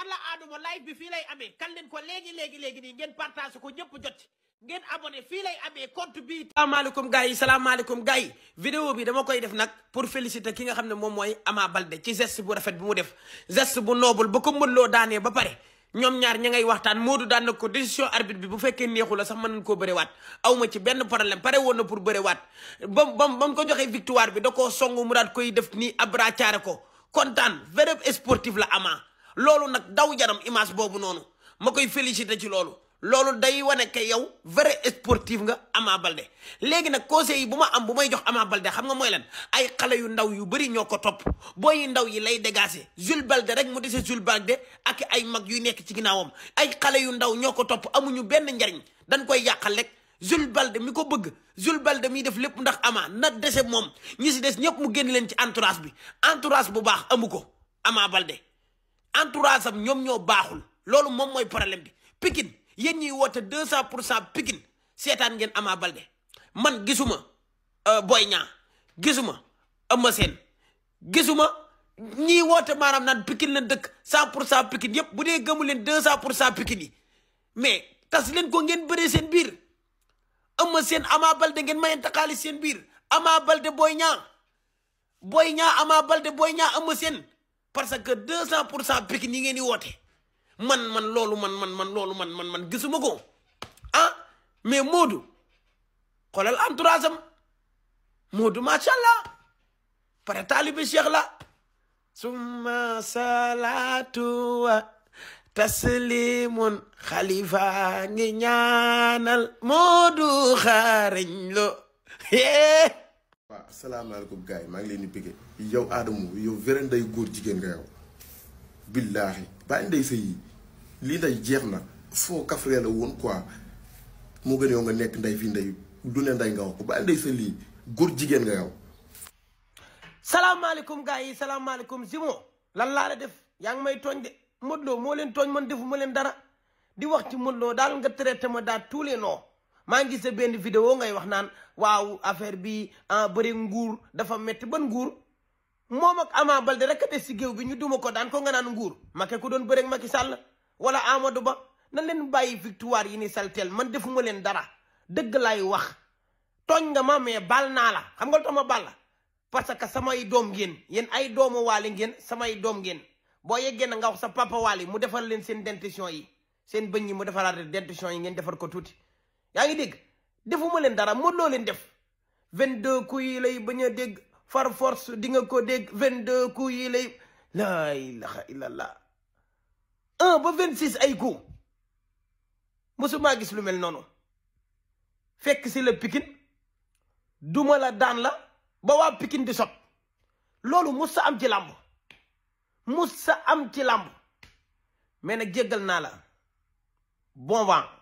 alla aaduma live bi fii lay amee kan leen ko léegi léegi léegi nii ngeen partage ko ñëpp jot ngeen abonné fii lay amee compte bi salaamaaleykum gars yi salaamaaleykum gars yi vidéo bi dama koy def nag pour féliciter ki nga xam ne moom mooy Ama Baldé ci geste bu rafet bu mu def geste bu noble ba ko mënloo daanee ba pare ñoom ñaar ña ngay waxtaan Modou daan na ko décision arbitre bi bu fekkee neexu la sax mën nañ koo bërewaat aw ma ci benn problème pare woon na pour bërewaat ba bam ba mu ko joxee victoire bi da koo song mu koy def nii abracaare ko kontaan verbe sportif la Ama loolu nag daw yaram image boobu noonu ma koy félicité ci loolu loolu day wane que yow vrai sportif nga Ama Baldé léegi nag conseil yi bu ma am bu may jox Ama Baldé xam nga mooy leen ay xale yu ndaw yu bëri ñoo ko topp boo yi ndaw yi lay dégager Jules Baldé rek mu dese Jules Baldé ak ay mag yu nekk ci ginnaawam ay xale yu ndaw ñoo ko topp amuñu benn njariñ dañ koy yàqal rek Jules Baldé mi ko bëgg Jules Baldé mi def lépp ndax Ama na dese moom ñi si des ñëpp mu génn leen ci entourage bi entourage bu baax amu ko Ama entourage am ñoom ñoo baaxul loolu moom mooy problème bi Pikine yéen ñuy woote deux cent pour cent Pikine seetaan ngeen Ama Balde man gisuma euh, Boy Niang gisuma Eumeu Sène gisuma ñiy woote maanaam naan Pikine la dëkk cent pour cent Pikine yëpp bu dee gëmu leen deux cent pour cent Pikine yi mais tas leen ko ngeen bëree seen biir Eumeu Sène Ama Balde ngeen mayante xaalis seen biir Ama Balde Boy Niang Boy ñaa Ama Balde Boy Niang Eumeu Sène parce que deux cent pour cent Pikine yi ngeen di man man loolu man man man loolu man man man gisuma ko ah mais Modou xoolal entourage am Modou macha allah pare taalibe Cheikh la summa salaatu taslimun xalifa ngi ñaanal Modou xaariñ lo salaamaaleykum gars yi maa ngi leen di bëggee yow Adamo yow vrai nday góor jigéen nga yow billaahi bàyyi ndey sa yi lii nday jeex na foo kafree la woon quoi moo gën yow nga nekk ndey fii nday du ne nday nga wax ko bàyyi ndey sa lii góor jigéen nga yow gaa gars yi salaamaaleykum Zimo lan laa la def yaa ngi may tooñ de Modou Lo moo leen tooñ man defu ma leen dara di wax ci Modou Lo daal nga traité ma daal tous les maa ngi gis sa benn vidéo ngay wax naan waaw affaire bi ah bëri nguur dafa metti ban nguur moom ak amaa Baldé rek a des si géew bi ñu duma ko daan ko nga naan nguur Macky ku doon bëri ak Macky Sall wala Amadou Ba na leen bàyyi tuwaar yi ni salteel man defuma leen dara dëgg lay wax tooñ nga ma mais baal naa la xam nga lu tax ma baal la parce que samay doom ngeen yéen ay doomu waali ngeen samay doom ngeen boo yeggee na nga wax sa papa waali mu defar leen seen dentition yi seen bëñ mu defaraat dentition yi defar ko tuuti yaa ngi dégg defuma leen dara Modou loo leen def 22 coups yi lay bañ a dégg far force di nga ko dégg 22 coups yi lay laa ilaha laa un ba 26 ay coups mosuma gis lu mel noonu fekk si la pikin duma la daan la ba waa pikin di sot loolu mus am ci làmb mus sa am ci làmb mais na jéggal naa la bon vent